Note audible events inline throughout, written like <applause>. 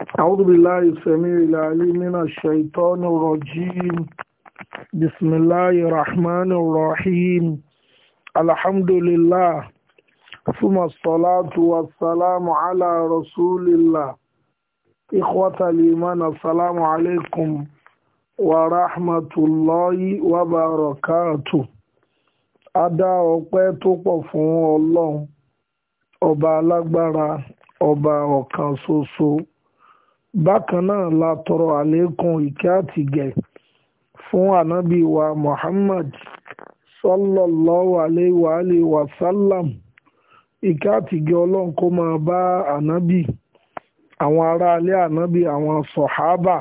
أعوذ بالله السميع العليم من الشيطان الرجيم بسم الله الرحمن الرحيم الحمد لله ثم الصلاة والسلام على رسول الله إخوة الإيمان السلام عليكم ورحمة الله وبركاته Adá ọpẹ́ tó pọ̀ fún Ọlọ́run, ọba alágbára, ọba ọ̀kan ṣoṣo. bákan náà la tọrọ àlékún ìkẹ́ atige fún ànábì wa Muhammad sallallahu alayhi wa alayhi wa sallam ìkẹ́ àtìgẹ̀ ọlọ́run kó máa bá ànábì àwọn aráalé ànábì àwọn sọ̀hábà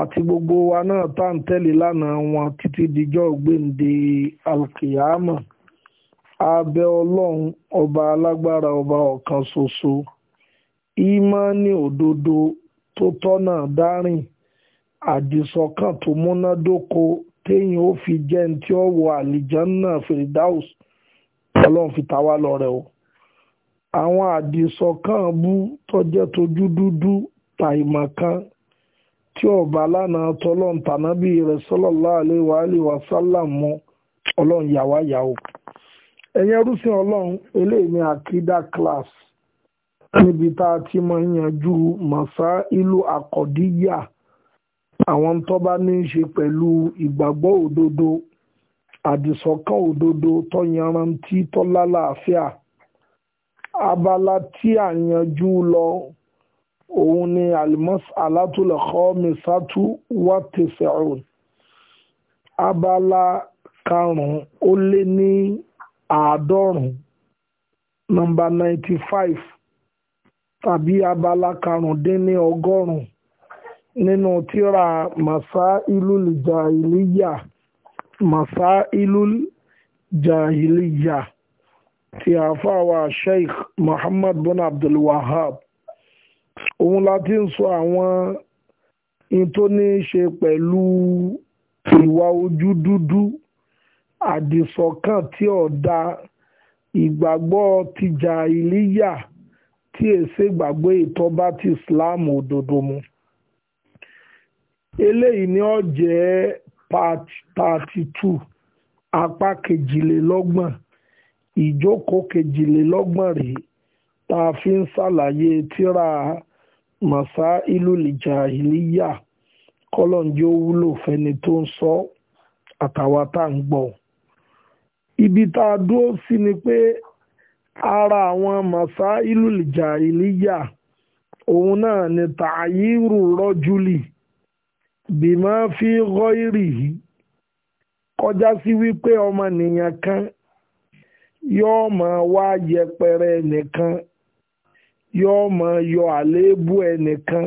àti gbogbo wa náà ta nteli tẹ̀lé lánàá wọn títí dijọ́ gbèǹde alkiyama abẹ́ ọlọ́run ọba alágbára ọba ọ̀kan ṣoṣo. So -so. ìmọ̀ọ́nì òdodo tó tọ́nà dárìn àdìsọ́kàn tó múnádóko téèyàn ó fi jẹ́ ní tí ó wọ àlìjánná fèrèdáùs ọlọ́run fi ta wá lọ́rẹ o àwọn àdìsọ́kàn bú tọ́jẹ́ tójú dúdú tàìmọ̀kan tí ọba lánàá tọ́lọ́n tànábì rẹ̀ sallallahu alaihi wa sallam mọ́ ọlọ́run yàwá yàwó ẹ̀yẹ́rúsìn ọlọ́run eléyìí ní akida class níbi tá a ti máa ń yanjú mọ̀sá ìlú àkọ́díyà àwọn tó bá ní í ṣe pẹ̀lú ìgbàgbọ́ òdodo àdìsọ́kàn òdodo tó yanrantí tó lálàáfíà abala tí a yanjú lọ òun ni almas alatulẹ̀kọ́ misatu wa abala karùn-ún ó lé ní àádọ́rùn-ún nọmba ninety five tàbí abala karùndínlọ́gọ́rùn-ún nínú tírà masa ilul jahiliya masa ilul jahiliya ti àfàwà sheikh muhammad bin abdul wahab òun láti ń sọ àwọn in tó ní í ṣe pẹ̀lú ìwà ojú dúdú àdìsọ́kàn tí ọ̀dà ìgbàgbọ́ tìjà ìlíyà tí èsè gbàgbé ìtọ́ba ti Islam òdodo mu eléyìí ni ó jẹ́ part thirty two apá kejìlélọ́gbọ̀n ìjókòó kejìlélọ́gbọ̀n rèé tá a fi ń ṣàlàyé tíra màsá ìlúlìjà ìlíyà kọ́lọ́njẹ́ wúlò fẹ́ni tó ń sọ àtàwa ibi tá a dúró ni pé ara àwọn màsá ìlúlìjà ìlíyà òun náà ni tààyírù rọ́júlì bímọ fi gọ́ìrì yìí kọjá sí wípé ọmọnìyàn kan yóò máa wá yẹpẹrẹ ẹnìkan yóò máa yọ àléébù ẹnìkan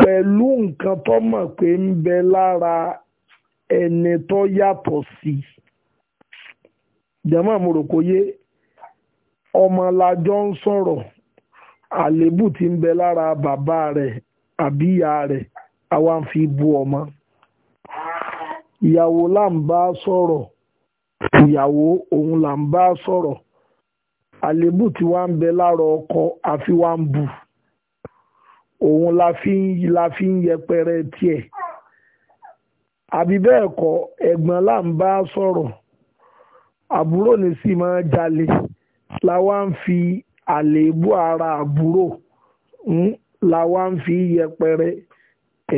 pẹ̀lú nǹkan tó mọ̀ pé ń bẹ lára ẹni tó yàtọ̀ sí i jẹ́mọ́ yé ọmọ lajọ ń sọ̀rọ̀ àlébù tí ń bẹ lára bàbá rẹ̀ àbí ìyá rẹ̀ àwa ń fi bu ọmọ ìyàwó là ń bá sọ̀rọ̀ ìyàwó òun là ń sọ̀rọ̀ àlébù tí wá ń bẹ lára ọkọ àfi wá ń bu òun la fi ń la fi ń yẹpẹrẹ tiẹ̀ àbí bẹ́ẹ̀ kọ́ ẹ̀gbọ́n là sọ̀rọ̀ àbúrò ní sì máa jalè làwa ń fi àléébù ara àbúrò hmm, làwa ń fi yẹpẹrẹ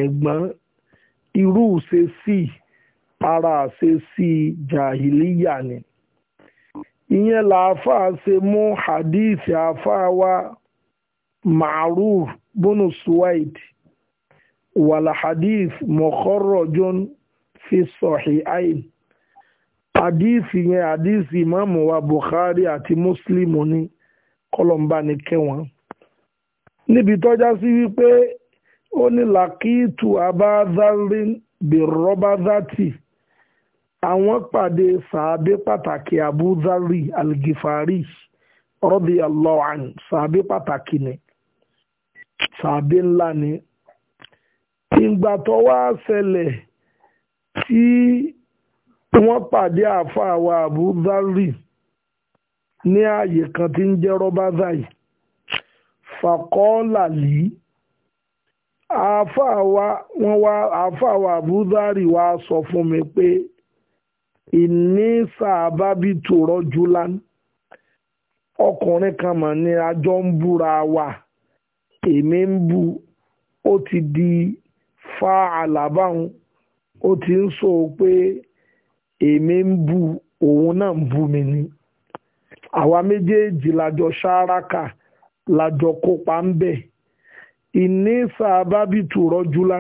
ẹ̀gbọ́n irú ṣe sí ara ṣe sí jàhìlíyà ni ìyẹn làáfàá ṣe mú hadith àáfàá wa ma'ruf bunu suwaid wàlà hadith mọ̀kọ́rọ̀ john fi sọ̀hí àìní àdíìsì yẹn àdíìsì ìmáàmù wa Bukhari àti Muslim ní kọlọmbà ní kẹwọn níbi tọ́já sí wípé ó ní làkìtù abázarin bèrọbázátì àwọn pàdé sàábé pàtàkì abúzárì algifari radiyallahu anhu sàábé pàtàkì ni sàábé ńlá ni ìgbà tó wá ṣẹlẹ̀ tí. Si, wọ́n pàdé àáfàá wa Abu Dharri ní ààyè kan tí ń jẹ́ rọ́bázàì fàkọ́ọ́làlì àáfàá wa wọ́n wá wa Abu Dharri wá sọ fún mi pé ìní sàbábí tòrọ́ julan ọkùnrin kan mà ní àjọ ń búra wa èmi ń bu ó ti di fa àlàbáhùn ó ti ń sọ pé èmi ń bu òun náà ń bu mi ni àwa méjèèjì lájọ ṣáraka lájọ kópa ń bẹ̀ ìní sàbábìtù rọjúlá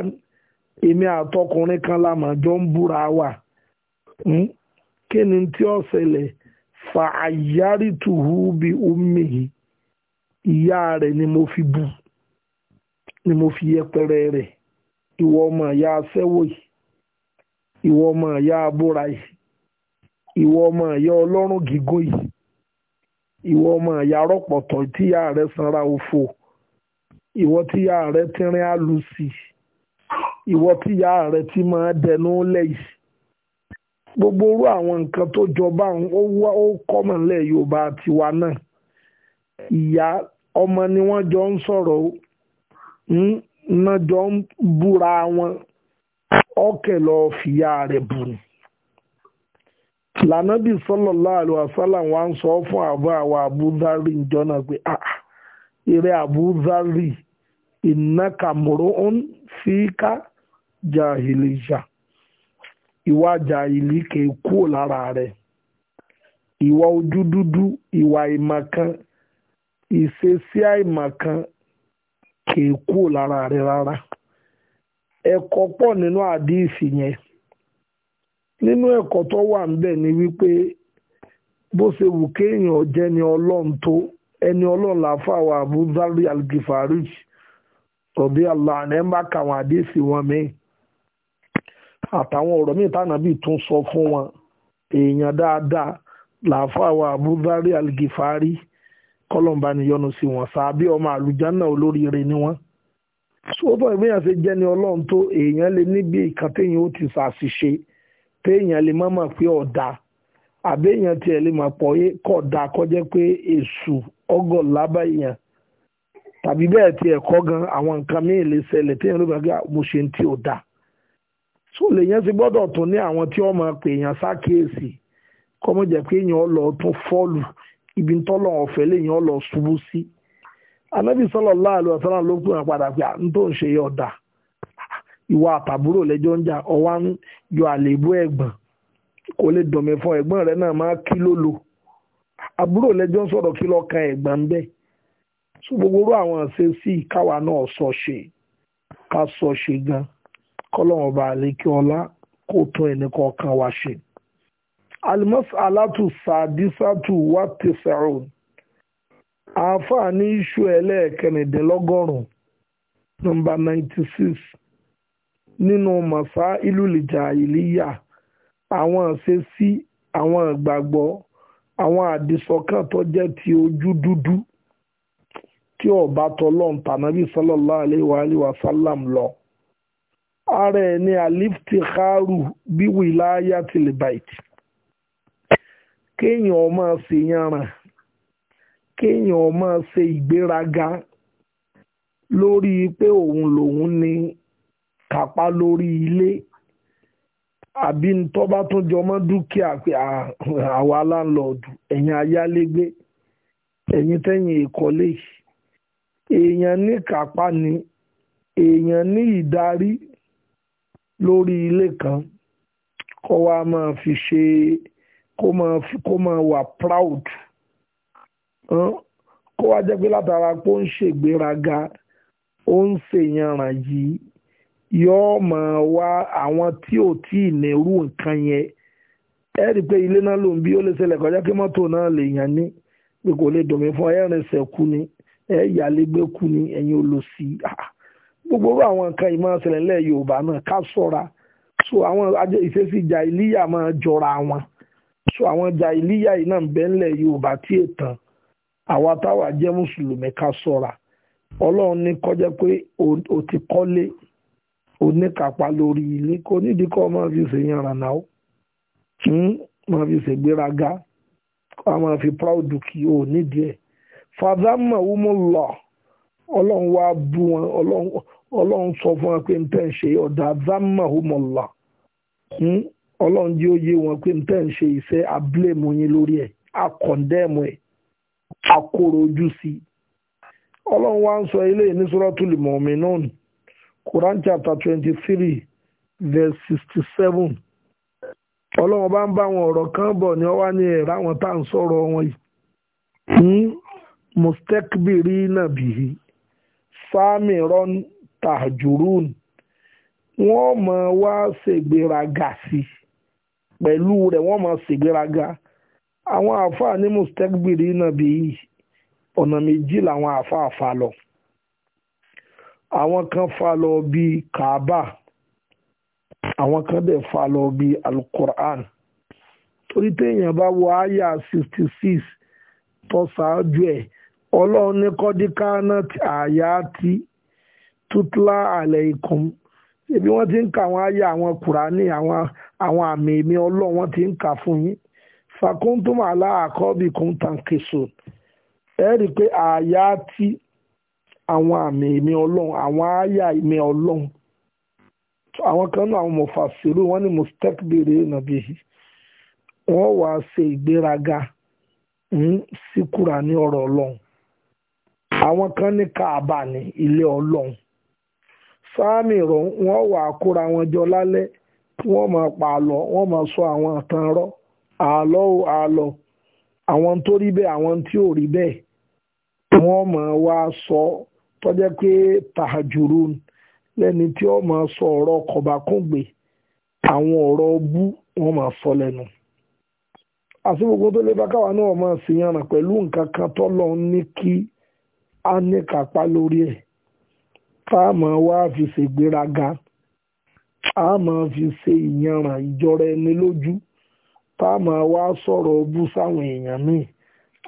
èmi àtọkùnrin kan lámàjọ ń búra wà hmm? kí ni tí ó ṣẹlẹ̀ fàáyárìtùhù bí omi ìyá rẹ̀ ni mo fi bú ni mo fi yẹpẹrẹ rẹ̀ ìwọ ọmọ ìyá aṣẹ́wó yìí ìwọ ọmọ ìyá abúra yìí ìwọ ọmọ ìyá ọlọ́run gígùn yìí ìwọ ọmọ ìyá rọ̀pọ̀tọ̀ tíyà rẹ sanra òfò ìwọ tíyà rẹ tínrín àlùsì ìwọ tíyà rẹ ti máa dẹnu lẹ́yìn gbogbo orú àwọn nǹkan tó jọba ó kọ́mọ̀ nílẹ̀ yorùbá tiwa náà ìyá ọmọ ni wọn jọ ń sọ̀rọ̀ náà jọ ń búra wọn ọ kẹlọ fìyà rẹ̀ buru. lanabi sọlọlọ ala'arọ asala nwa n so fọ fún àbáwa abuzari njọ na gbe a ahà ah, ire abuzari inakamuru n fi ka jahiliya iwa jahili ka iku olara rẹ iwa ojú dúdú iwa imakan ise si a imakan ka iku lara rẹ rara ẹ̀kọ́ pọ̀ nínú àdíìsì yẹn nínú ẹ̀kọ́ tó wà ńbẹ̀ ni wípé bó ṣe wù kéèyàn jẹ́ ni ọlọ́run tó ẹni ọlọ́run làáfàá wa Abu Dhari al-Ghifari tọ̀bí Allah ẹ̀ ń bá kàwọn àdíìsì wọn mi àtàwọn ọ̀rọ̀ míì tànàbí tún sọ fún wọn èèyàn dáadáa làáfàá wa Abu Dhari al ni kọ́lọ̀ǹba níyọnu sí wọn sàbí ọmọ àlùjá náà olóríire ni wọ́n sóòtọ́ ìgbéyàn ṣe jẹ́ ọlọ́run tó èèyàn lè níbi ìkan ó ti ṣàṣìṣe téèyàn lè má mà pé ọ̀dà àbẹ́yàn tiẹ̀ lè mà pọ̀ yé kọ̀dà kọjẹ́ pé èṣù ọgọ̀ lábá èèyàn tàbí bẹ́ẹ̀ ti ẹ̀kọ́ e gan àwọn nǹkan lè ṣẹlẹ̀ téèyàn ló bá gbé ah, mo ṣe ti ò dà ti gbọ́dọ̀ tún ní àwọn tí wọ́n máa pè èèyàn sákèésì pé èèyàn lọ tún fọ́ọ̀lù ibi tọ́lọ̀ ọ̀fẹ́ lọ anabi sallallahu alaihi wasallam ló kúrò padà pé n tó ń ṣe yọ ọ̀dà ìwà àtàbúrò lẹ́jọ́ ń jà ọwá ń yọ àlèébú ẹ̀gbọ́n kò lè dọ̀mí fún ẹ̀gbọ́n rẹ̀ náà máa kí ló lo àbúrò lẹ́jọ́ ń sọ̀rọ̀ kí lọ́ọ́ kan ẹ̀gbọ́n bẹ́ẹ̀ so gbogbo orú àwọn ṣe sí káwa náà sọ ṣe ká sọ ṣe gan kọ́lọ́wọ́n bá àlékí ọlá kó tún ẹnì kọ̀ọ̀kan wá ṣe. alimọ́sí alátùsàdísàtù wà tẹ̀sán àáfàá ní iṣu no nọmba ninety six nínú mọ̀sá ìlúlìjà ìlíyà àwọn àṣesí àwọn awọn àwọn àdìsọ́kàn tó jẹ́ ti oju dudu ti ọba tọlọ́n tànàbí sallallahu alayhi wa sallam lọ. ara ẹ̀ ní aliftikharu bi wilayatil bait kéèyàn ọmọ si ràn kéèyàn máa ṣe ìgbéraga lórí pé òun lòun ní kápá lórí ilé àbí tó bá tún jọ mọ́ dúkìá pé àwa láńlọ́ọ̀dù ẹ̀yin ayálégbé ẹ̀yin tẹ́yìn ìkọ́lé èèyàn ní kápá ni èèyàn ní ìdarí lórí ilé kan kó wá máa fi ṣe kó máa wà proud kó wá jẹ́ pé látara pé ó ń ṣègbéraga ó ń ṣèyànràn yìí yóò máa wá àwọn tí ò tí ì nírú nǹkan yẹn ẹ rí i pé ilé náà ló ń bí ó lè ṣẹlẹ̀ kọjá kí mọ́tò náà lè yàn ní pé kò lè dùnmí fún ẹ̀rìn ṣẹ̀kú ni ẹ̀ yàlégbé kú ni ẹ̀yin olòṣì ah, gbogbo àwọn nǹkan yìí máa ṣẹlẹ̀ lẹ́ẹ̀ Yorùbá náà ká sọ́ra so àwọn ìṣesí ìjà ìlíyà máa jọra wọn so àwọn ìjà ìlíyà yìí náà ń bẹ Yorùbá tí ètàn àwa táwa jẹ́ mùsùlùmí ká sọ́ra ọlọ́run ní kọjá pé o ti kọ́lé oníkàpá lórí ilé kò nídìí kọ́ máa fi ṣe yan rànà ó máa fi ṣègbéraga a máa fi proud kí o nídìí ẹ̀ fàdámà wúmọ̀lọ́ ọlọ́run wá bú wọn ọlọ́run sọ fún wa pé n tẹ́ ń ṣe ọ̀dà zámà wúmọ̀lọ́ ọlọ́run jẹ́ òye wọn pé n tẹ́ ń ṣe iṣẹ́ abúlé mu yín lórí ẹ̀ akọ̀ndẹ́mu ẹ̀ akụrụ ojú sí ọlọ́run wá ń sọ ilé ní Suratul Mu'minun Quran chapter twenty verse 67 ọlọ́run bá ń bá àwọn ọ̀rọ̀ kan bọ̀ ni ọwá ní ẹ̀rọ taa tá ń sọ̀rọ̀ wọn yìí mustakbirina Sami samiron tahjurun wọ́n máa wá ṣègbéraga sí pẹ̀lú rẹ̀ wọ́n ma ṣègbéraga sí àwọn àáfàá ní mustekbiri náà bí ọ̀nà méjì làwọn àáfàá fa lọ àwọn kan fa lọ bí kaaba àwọn kan dẹ̀ fa lọ bí alukur'an torí téèyàn bá wo àyà sixty six tó ṣáájú ẹ̀ ọlọ́run ní kọ́díkánà àyà ti tutla aleikum ṣebí wọ́n ti ń ka àwọn àyà àwọn kùránì àwọn àmì èmi ọlọ́run wọ́n ti ń kà fún yín fàkúntùmù aláàkọ́bì kún tàǹkìsù ẹ rí i pé àyà tí àwọn àmì ìmí ọlọ́run àwọn àyà ìmí ọlọ́run àwọn kan náà àwọn mọ̀fàṣírù wọn ni mustek bèrè nàbí wọ́n wá ṣe ìgbéraga hmm, sí kúra ní ọ̀rọ̀ ọlọ́run àwọn kan ní káàbà ní ilé ọlọ́run sáàmì rọ wọ́n wá kóra wọn jọ lálẹ́ wọn máa pa àlọ́ wọn máa sọ àwọn àtàn rọ́ àlọ́ ò àlọ́ àwọn tó rí bẹ́ẹ̀ àwọn tí ò rí bẹ́ẹ̀ wọ́n máa wá sọ tọ́jẹ́ pé tahajurun lẹ́ni tí ó máa sọ ọ̀rọ̀ kọ̀bákùngbè àwọn ọ̀rọ̀ bú wọ́n máa sọ lẹ́nu àti gbogbo tó lè bá káwa náà máa sì yànnà pẹ̀lú nǹkan kan tọ́lọ́ ní kí a ní kápá lórí ẹ̀ tá a máa wá fi ṣègbéraga a máa fi ṣe ìyànà ìjọra ẹni lójú táàmù wa sọ̀rọ̀ bú sáwọn èèyàn míì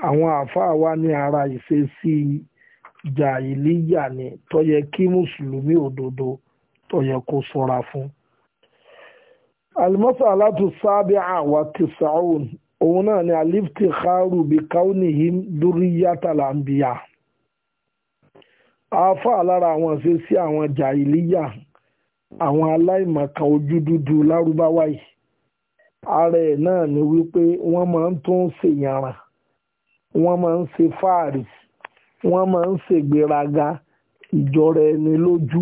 àwọn àáfàá wa ní ara ìṣesí jàìlíyà ni tó yẹ kí mùsùlùmí òdodo tó kó ṣọ́ra fún. alimọ́sàlátù sábẹ́ àwa tìṣàún òun náà ni alifti kharu bi kaunihim duriyatala anbiya àáfàá lára àwọn ìṣesí àwọn jàìlíyà àwọn aláìmọ̀kan ojú dúdú lárúbáwá yìí ara ẹ̀ náà ni wípé wọ́n máa ń tún ṣèyànrà wọ́n máa ń ṣe fáàrí wọ́n máa ń ṣègbéraga ìjọra ẹni lójú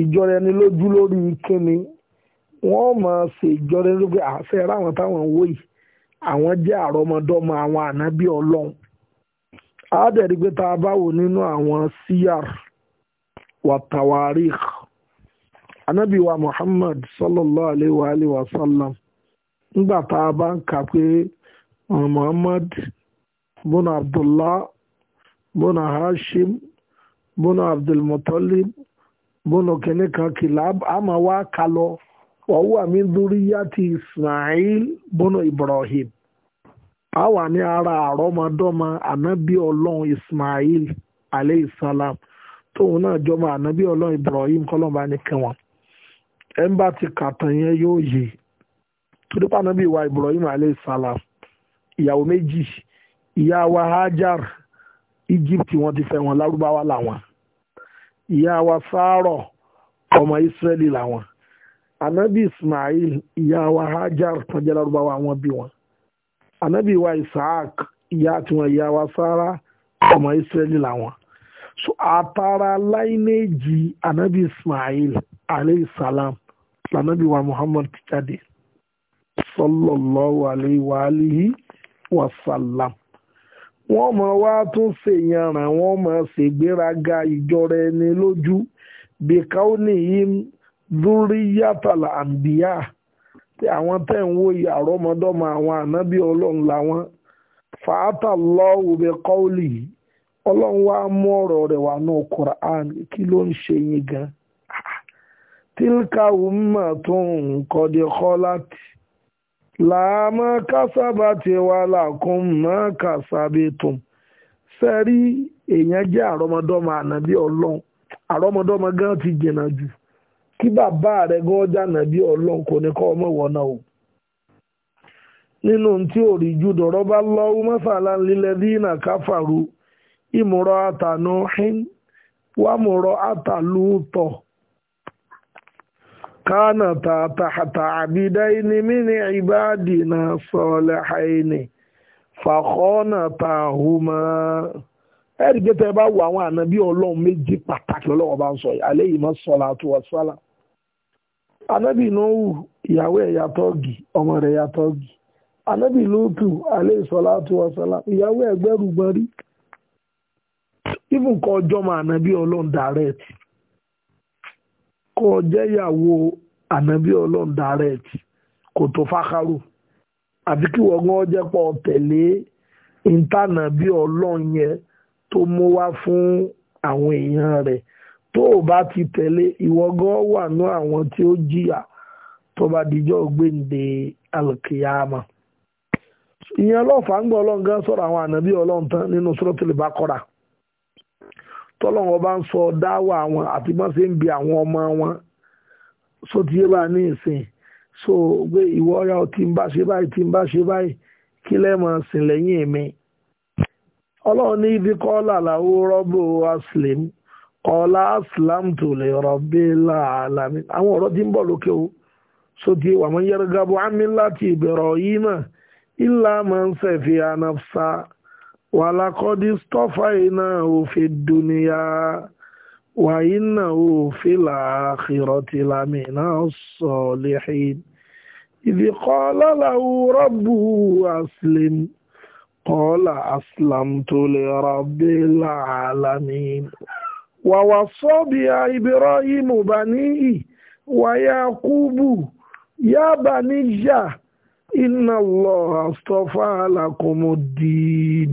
ìjọra ẹni lójú lórí kíni wọ́n máa ṣe ìjọra ẹni lójú àṣẹ ráwọn táwọn wò yìí àwọn jẹ́ àrọmọdọ́mọ àwọn ànábì ọlọ́run pé tá a àwọn wàtàwárí Muhammad sallallahu alayhi wa sallam nígbà tá a bá ń kà pé uh, muhammad na abdullah bụ hashim bùnà abdulmutalib na kìnnìkan kìláb àmọ́ wá kà lọ wọ́wọ́ àmì ti ismail bùnà ibrahim a wà ní ara àrọ́mọdọ́mọ ọlọ́run ismail aleyhisalaam tóun náà jọmọ ànábì ọlọ́run ibrahim kọ́lọ́mbà ní kẹwọn ẹ̀ ń bá ti kàtàn yẹn yóò torí nabi wa Ibrahim alayhi salam ìyàwó méjì ìyá wa Hajar Egypt wọ́n ti fẹ́ wọn lárúbáwá làwọn ìyá wa Sárọ̀ ọmọ Israẹli làwọn ànábì Ismail ìyá wa Hajar tó jẹ́ lárúbáwá wọn bí wọn ànábì wa Isaac ìyá tiwọn ìyá wa Sárà ọmọ Israẹli làwọn so àtàrà láìnéèjì ànábì Ismail alayhi salam lànàbì wa Muhammad ti jáde sallallahu alaihi wa alihi wa sallam wọ́n máa wá tún ṣèyànràn wọ́n máa ṣègbéraga ìjọra him lójú bìkáwó nìyí zúríyàtàlà àǹbíyà tí àwọn tẹ́ ń wo àrọ́mọdọ́mọ àwọn ànábì ọlọ́run làwọn fàátà lọ́wọ́ bẹ kọ́ọ̀lì ọlọ́run wá mú ọ̀rọ̀ rẹ̀ wà náà Qur'an kí ló ń ṣe yín gan tilka ummatun qad khalat làámọ́ kásábà ti wà lákùn mọ́ kásábẹ́tùm sẹ́rí èèyàn jẹ́ àrọ́mọdọ́mọ ànábí ọlọ́run àrọ́mọdọ́mọ gan ti jìnnà jù kí bàbá rẹ̀ gọ́ọ́jà ànábí ọlọ́run kò ní kọ́ ọmọ ìwọ náà o nínú tí ò rí dọ̀rọ̀ bá lọ́wọ́ mọ́sàlá dínà káfàrú àtàlùtọ̀. كانتا تحت عبدين من عبادنا صالحين فخانتاهما ẹ̀rí pé tẹ́ ẹ bá wo àwọn ànábí ọlọ́run méjì pàtàkì ọlọ́run bá ń sọ yìí alẹ́ yìí mọ́ sọ́la àti wọ́sálà ànábì Nuhu ìyàwó ẹ̀ ya tọ́ọ̀gì ọmọ rẹ̀ ya tọ́ọ̀gì ànábì Lútù alẹ́ ìsọ́la àti wọ́sálà ìyàwó ẹ̀ gbẹ́rù gbọ́n ọjọ́ mọ ànábí ọlọ́run dàrẹ́ẹ̀tì kó o jẹ́yàwó ànábì ọlọ́run direct kò tó fákàrò àti kí wọ́n gan jẹ́ pọ̀ tẹ̀lé ìtànà bí ọlọ́run yẹn tó mú wá fún àwọn èèyàn rẹ̀ tó o bá ti tẹ̀lé ìwọ gan wà ní àwọn tí ó jìyà tó bá dijọ́ gbéǹde ìyẹn ń tọ́lọ́wọ́n bá ń sọ àwọn àti bọ́n ṣe ń àwọn ọmọ wọn so ti yé bá ní ìsìn so gbé ìwọ ọ̀yà ò ń bá ṣe báyìí tí ń bá ṣe báyìí kí lẹ́mọ̀ sìn lẹ́yìn mi ọlọ́run ní ibi rọ́bù aslim kọ́lá aslam tó lè rọ́bì láàlámì àwọn ọ̀rọ̀ ń bọ̀ lókè o so ti wàmọ́ yẹrẹ gabu amí láti ìbẹ̀rọ̀ yìí náà ìlà wàlàkọ́dí stọ́fà iná òfin dúníyà wàyí náà òfin làákìrọ̀tì lámìnà sọ̀lẹ́hìn ìdí kọ́lá làwọn rọ́bù aslim kọ́lá aslam tó lè rọ́bì làálàmì wàwà sọ́bìà ibrahim banihi wàyàkúbù yábàníyà iná lọ́ọ́ astọ́fà làkọ́mọ́dín.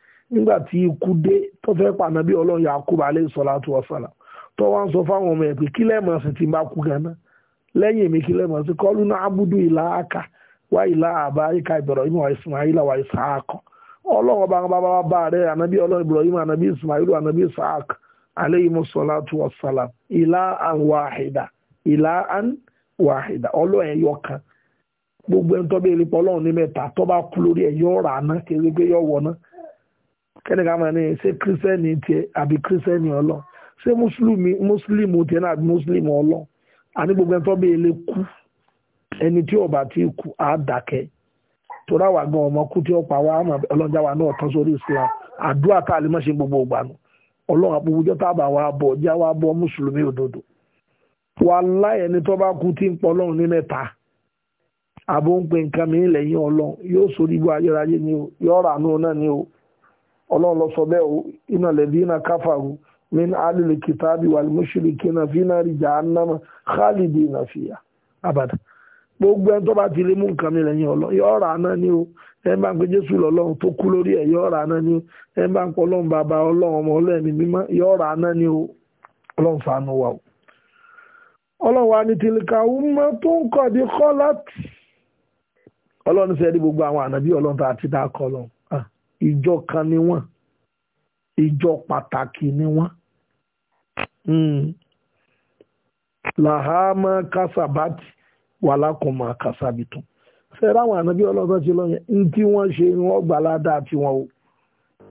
nígbà tí ikú dé tó fẹ́ pa ànábì ọlọ́run Yakubu alẹ́ sọlá tó wọ́sàlà tó wá ń sọ fáwọn ọmọ ẹ̀ pé kí lẹ́ẹ̀mọ̀ sí ti máa kú ganan lẹ́yìn kí lẹ́ẹ̀mọ̀ sí abudu ìlà aka wa Ismail wa Isaac ọlọ́run ọba bàbá rẹ̀ ọlọ́run Ismail Isaac tó ìlà ìlà ọlọ́run ẹ̀yọ kan gbogbo kẹ́nìkan máa ní ṣé kírísítẹ́nì tiẹ̀ àbí kírísítẹ́nì ọlọ́ ṣé mùsùlùmí mùsùlùmí tiẹ̀ náà àbí mùsùlùmí ọlọ́ àní gbogbo ẹni tó bí ilé kú ẹni tí ọba ti kú á dákẹ́ torí àwa gan ọmọ kú tí ó pa wá àmọ́ ọlọ́jà wa náà tán sórí Islam àdúrà tá a lè má ṣe gbogbo ìgbà nù ọlọ́run àpòwújọ́ tá bá wa bọ̀ já wa bọ̀ mùsùlùmí òdodo wàláhì ẹni tó bá kú ń pọ̀ ọlọ́run ní ń pe ọlọ́run yóò sórí ibú ayérayé ni o yóò rà nù náà ni o ọlọ́run lọ sọ bẹ́ẹ̀ o iná lẹ́bí iná káfàrú min alìlẹ̀ kìtàbí wal mushrikina fi nari jahannama khalidina fiha abada gbogbo ẹni tó bá ti lè mú nǹkan mi lẹ́yìn ọlọ́run yọ ọ̀rà náà ni o ẹ bá ń pe jésù lọ́lọ́run tó kú lórí ẹ̀ yọ ọ̀rà náà ni o ẹ bá ń pọ ọlọ́run bàbá ọlọ́run ọmọ ọlọ́run mímọ́ yọ ọ̀rà náà ni o ọlọ́run ṣàánú wa o. ọlọ́run wa ni tìlíkà ọmọ tó ń kọ̀ dé kọ́ láti ọlọ́run ṣe é dí gbogbo àwọn ànábì ọlọ́run tó àti dá kọ́ ọlọ́run ìjọ kan ni wọ́n ìjọ pàtàkì ni wọ́n. Hmm. làhámà kásábàtì wà lákùnmọ̀ kásábìtún ṣe ráwọn ànábí ọlọ́tọ́ ti lọ́yẹn ní tí wọ́n ṣe ni wọ́n gbà ládàá tiwọn o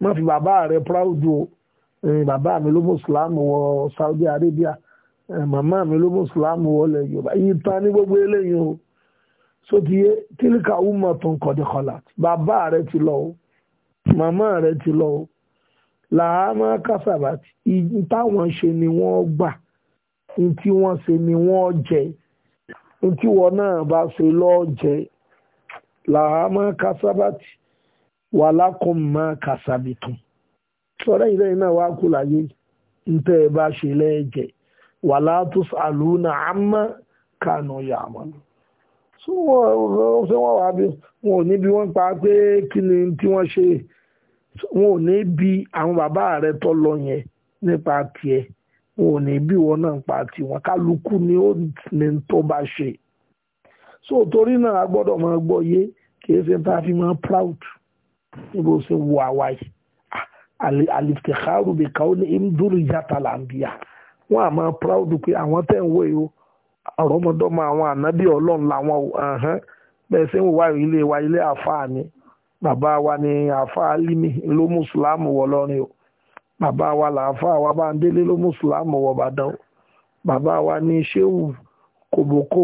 má fi bàbá rẹ proud o bàbá mi ló mùsùlùmí wọ Saudi Arabia màmá mi ló mùsùlùmí wọ ilẹ̀ Yorùbá yìí tán ní gbogbo eléyìí o so ti yé tílíkà umar tó ń kọ́dé kọ́lá bàbá rẹ ti lọ o màmá rẹ̀ ti lọ o làámà kásábàtì táwọn ṣe ni wọ́n gbà ní tí wọ́n ṣe ni wọ́n jẹ ní tí wọ́n náà bá ṣe lọ́ọ́ jẹ làámà kásábàtì wà lákùn má kásábìtún sọ̀rọ̀ yìí lẹ́yìn náà wá kú láyé ntẹ́ ẹ bá ṣe lẹ́ẹ̀jẹ̀ wà látúnṣe àlùna àmọ́ kánú yàmọ́nù tí wọ́n wà bí wọn ò ní bí wọ́n pa pé kí ni tí wọ́n ṣe wọn ò ní bí àwọn bàbá rẹ tó lọ yẹn nípa tiẹ̀ wọn ò ní bí wọn náà pa tiwọn kálukú ni ó ní tó bá ṣe so torí náà a gbọ́dọ̀ máa gbọ́ yé kì ṣe tá a fi máa proud níbo ṣe wo àwa yìí aliftikharu ah, bi kauni imduri yata lambiya wọn a máa proud pé àwọn tẹ̀ ń wò yìí o ọ̀rọ̀mọdọ́mọ àwọn ànábì ọlọ́run làwọn ò hàn bẹ́ẹ̀ ṣe ń wá ilé wa ilé àfáà ni bàbá wa ni àáfà alimi ló mùsùlámù wọ lọ́rin o bàbá wa làáfà wa bá ń délé ló mùsùlámù wọ bàdàn o bàbá wa ni ṣéwù kòbókò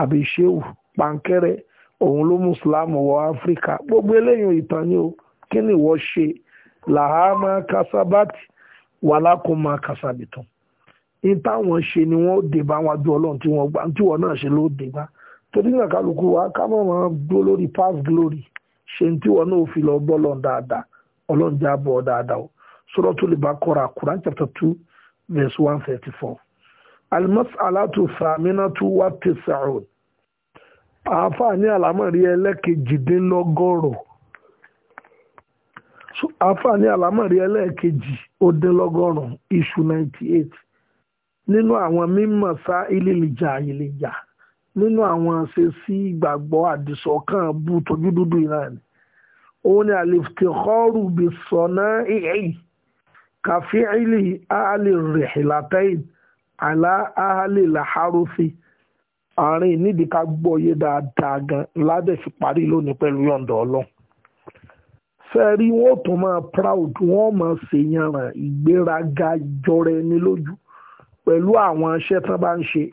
àbí ṣéwù pankẹ́rẹ́ òun ló mùsùlámù wọ áfíríkà gbogbo eléyìí ìtàn ni o kí ni ìwọ ṣe làhámà kásábàtì wàlákùnmá kásàbìtàn ní ṣe ni wọ́n dé bá wọn ju ọlọ́run tí wọ́n náà ṣe ló dé bá torí náà kálukú wa ká mọ̀ máa dúró lórí past glory ṣe ń tí wọn náà fi lọ bọ́ lọ́n dáadáa ọlọ́run já bọ̀ dáadáa o Suratul Baqara Quran chapter two verse one thirty four. al-mas'alatu tu wa tis'un àáfàá ní àlámọ̀rí ẹlẹ́kejìdínlọ́gọ́rọ̀ àáfàá ní àlámọ̀rí ẹlẹ́kejì ọdínlọ́gọ́rùn-ún iṣu ninety eight nínú àwọn mímọ̀ sá ilé ìjà ilé ìjà nínú àwọn ṣe sí ìgbàgbọ́ àdìsọ́kàn bú tójú dúdú iran òun ni àlèftìkọ́rù bí sọ̀nà ìhìn kàfíìlì àhàlì rìhìlátẹ́yìn àlá àhàlì làhárùsì àárín nídìí ká gbọ́ yé dáadáa gan ládẹ̀ fi parí lónìí pẹ̀lú yọ̀ǹda ọlọ́run fẹ́ẹ́rí wọ́n tún máa proud wọ́n máa ṣèyànràn ìgbéraga ìjọra ẹni lójú pẹ̀lú àwọn iṣẹ́ tán bá ń ṣe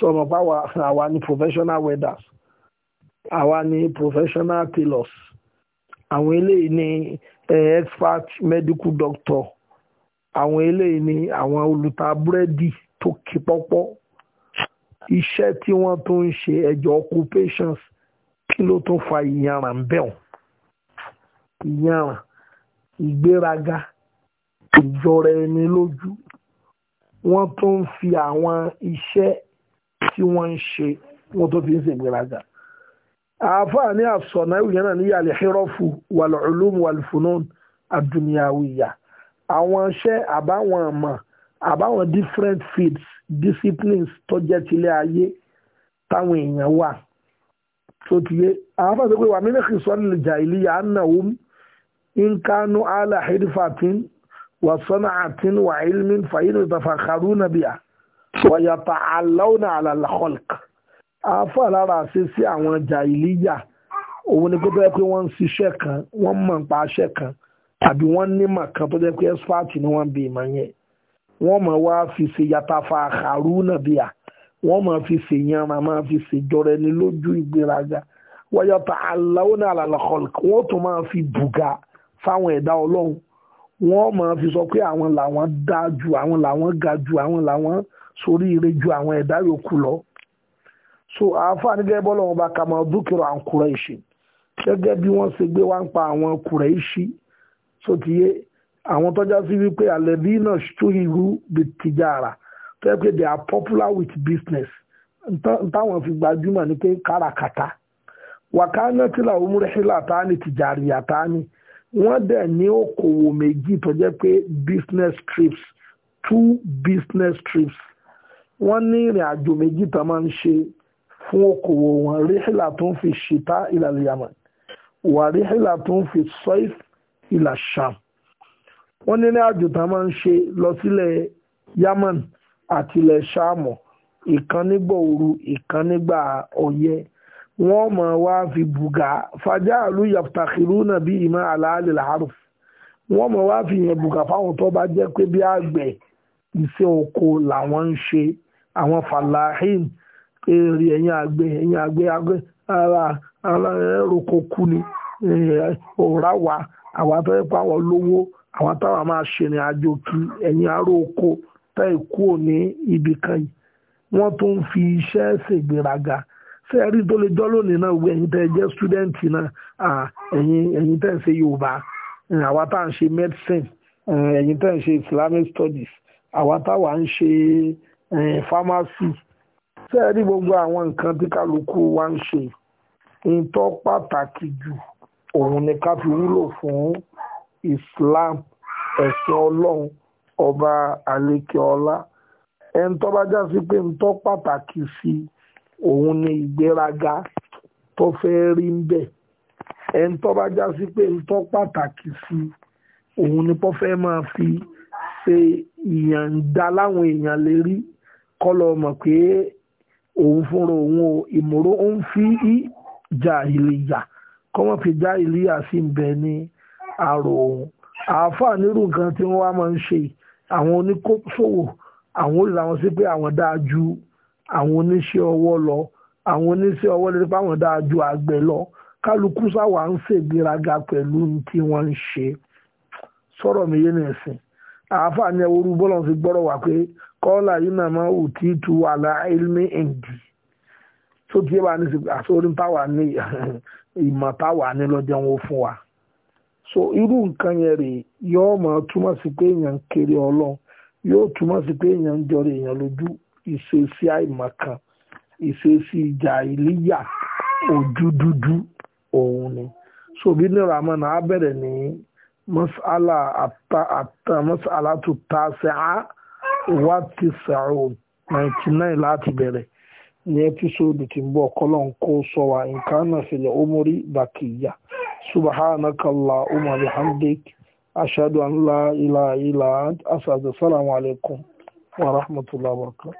some of our our ni professional welders our ni professional tailors àwọn eléyìí ni expert medical doctor àwọn eléyìí ni àwọn olùta búrẹ́dì tó kí pọ́pọ́ iṣẹ́ tí wọ́n tó ń ṣe ẹ̀jọ̀ occupations kí ló tó fa ìyànrà ń bẹ̀wọ̀n ìyànrà ìgbéraga ìjọra ẹni lójú wọ́n tó ń fi àwọn iṣẹ́ tí wọ́n ń ṣe wọ́n tó fi ń ṣègbéraga àáfàá ní àsọ̀nà ìwòyàn náà ní yàlẹ̀ hírọ́fù wàlúùlùmù wàlúfùnún àdùnìyàwìyà àwọn iṣẹ́ àbáwọn àmọ̀ àbáwọn different fields disciplines tó jẹ́ tilẹ̀ ayé táwọn èèyàn wà tó ti yé àáfàá sọ pé wà mílíkì sọ́nìlì jàìlíyà annahum inkanu ala hirfatin wa sana'atin wa ilmin fa yìí ní ìtàfàkàrú nàbíyà wọ̀yàtà aláwọ̀nà àlàlàkọ́lk àáfà lára ṣe sí àwọn jàìlíyà òun ni pé pé wọ́n ń ṣiṣẹ́ kan wọ́n mọ̀ nípa aṣẹ́ kan àbí wọ́n nímọ̀ kan tó jẹ́ pé ẹ́sípáàtì ni wọ́n bí ìmọ̀ yẹn wọ́n mọ̀ wá fi ṣe yàtàfà àkàrú nàbíà wọ́n mọ̀ fi ṣe yanra máa fi ṣe jọrọ ẹni lójú ìgbéraga wọ́yàtà aláwọ̀nà àlàlàkọ́lk wọ́n tún máa fi bùgà fáwọn ẹ̀dá ọlọ́run wọ́n mọ̀ fi sọ pé àwọn làwọn dáa ju àwọn làwọn ga ju àwọn làwọn sórí ire ju àwọn ẹ̀dá yòókù lọ so àáfàá nígẹ́ bọ́lá wọn bá ka mọ́ dúkìrọ̀ àwọn Kùrẹ́ṣì gẹ́gẹ́ bí wọ́n ṣe gbé wá ń pa àwọn Kùrẹ́ṣì so ti yé àwọn tọ́já sí wípé àlẹ́bí náà ṣóhìrú bìtìjára tó yẹ pé they are popular with business táwọn fi gbajúmọ̀ ni pé káràkátà wàkánná tí làwọn múrẹ́sílà tá ní tìjàrìyà tá ní wọ́n dẹ̀ ní okòwò méjì tó jẹ́ pé business trips two business trips wọ́n ní ìrìn àjò méjì tán máa ń ṣe fún okòwò wọn ríhìlà tó ń fi ṣìtá ìlàlẹ̀ yàmà wà ríhìlà tó ń fi sọ́ìf ìlà sham wọ́n ní ìrìn àjò tán máa ń ṣe lọ sílẹ̀ yaman àti ilẹ̀ ṣáàmù ìkan nígbà òru ìkan nígbà ọyẹ wọ́n mọ̀ wá fi bùgà fàjà àlú yàtàkìrú náà bí ìmọ̀ àlàálẹ̀ làárọ̀ wọ́n mọ̀ wá fi yẹn bùgà fáwọn tó bá jẹ́ pé bí àgbẹ̀ iṣẹ́ oko làwọn ń ṣe àwọn falahin èrè ẹ̀yìn àgbẹ̀ ẹ̀yìn àgbẹ̀ àgbẹ̀ ara ẹ̀rọ̀kọ̀kú ni ọ̀rá wa àwọn tó yẹ pé àwọn lówó àwọn táwọn máa ṣèrìn àjò kí ẹ̀yìn aró oko tá ìkú òní ibì kan yìí wọ́n tún ń fi iṣẹ́ ṣègbéraga ṣé ẹ rí tó lè jọ́ lónìí náà wọ ẹ̀yin tẹ́ ẹ jẹ́ ṣúdẹ́ǹtì náà ẹ̀yin tẹ́ ẹ ṣe yorùbá àwa tá ṣe medicine ẹ̀yin tẹ́ ẹ ṣe islamic studies àwa táwa ń ṣe fámásì eh, sẹ́ẹ̀rí gbogbo àwọn nǹkan tí kálukú wa ń ṣe ìtọ́ pàtàkì jù òun ni ká fi wúlò fún Islam ẹ̀sìn ọlọ́run ọba àlekèọlá ẹni tó bá já sí pé ìtọ́ pàtàkì sí òun ni ìgbéraga tó fẹ́ rí ń bẹ̀ ẹni tó bá já sí pé ìtọ́ pàtàkì sí òun ni pọ́ máa fi ṣe ìyànda láwọn èèyàn lè rí kọlọ mọ̀ pé òun fúnra òun o ìmúró ń fi í jà ìlìyà kọ́mọ̀ fi já ìlìyà sí ń bẹ àrò òun àáfàá nírú nǹkan tí wọ́n wá máa ń ṣe àwọn oníkóṣòwò àwọn olùlà wọn sí pé àwọn dáa ju àwọn oníṣẹ́ ọwọ́ lọ àwọn oníṣẹ́ ọwọ́ lè rí àwọn dáa ju àgbẹ̀ lọ kálukú sáwà ń ṣègbéraga pẹ̀lú tí wọ́n ń ṣe sọ̀rọ̀ mi yé ní ẹ̀sìn àáfàá ni ẹwọ́rú bọ́lọ̀ fi gbọ́rọ̀ wá pé kọ́là yìí nàmá wù tí tu wà ilmi indi tó tí ní sìgbà sórí ní <laughs> ìmọ̀ táwà ní lọ́jọ́ wọn fún wa so irú nǹkan yẹn rè yóò máa túmọ̀ sí pé èèyàn ń kéré yóò pé èèyàn jọrọ èèyàn lójú ìṣesí àìmọ̀kan ìṣesí ìjà ìlíyà ojú dúdú òun ni so bí ní ramana á bẹ̀rẹ̀ ní mas'ala mas'ala tó wati sa'un 99 láti bẹ̀rẹ̀ ní ẹ́písòdù tí ń bọ̀ kọ́lọ́n kó sọ wa nǹkan náà fìlẹ̀ omori bakiya subhanakallah umar hamdik ashadu an ila ila illa salamu alaikum wa rahmatullahi wa barakatuh